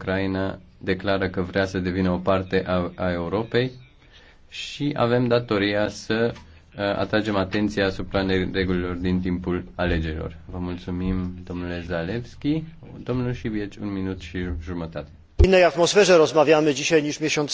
Ucraina declară că vrea să devină o parte a, a Europei și avem datoria să uh, atragem atenția asupra regulilor din timpul alegerilor. Vă mulțumim, domnule Zalewski. Domnul Șibieci, un minut și jumătate. W innej atmosferze rozmawiamy dzisiaj niż miesiąc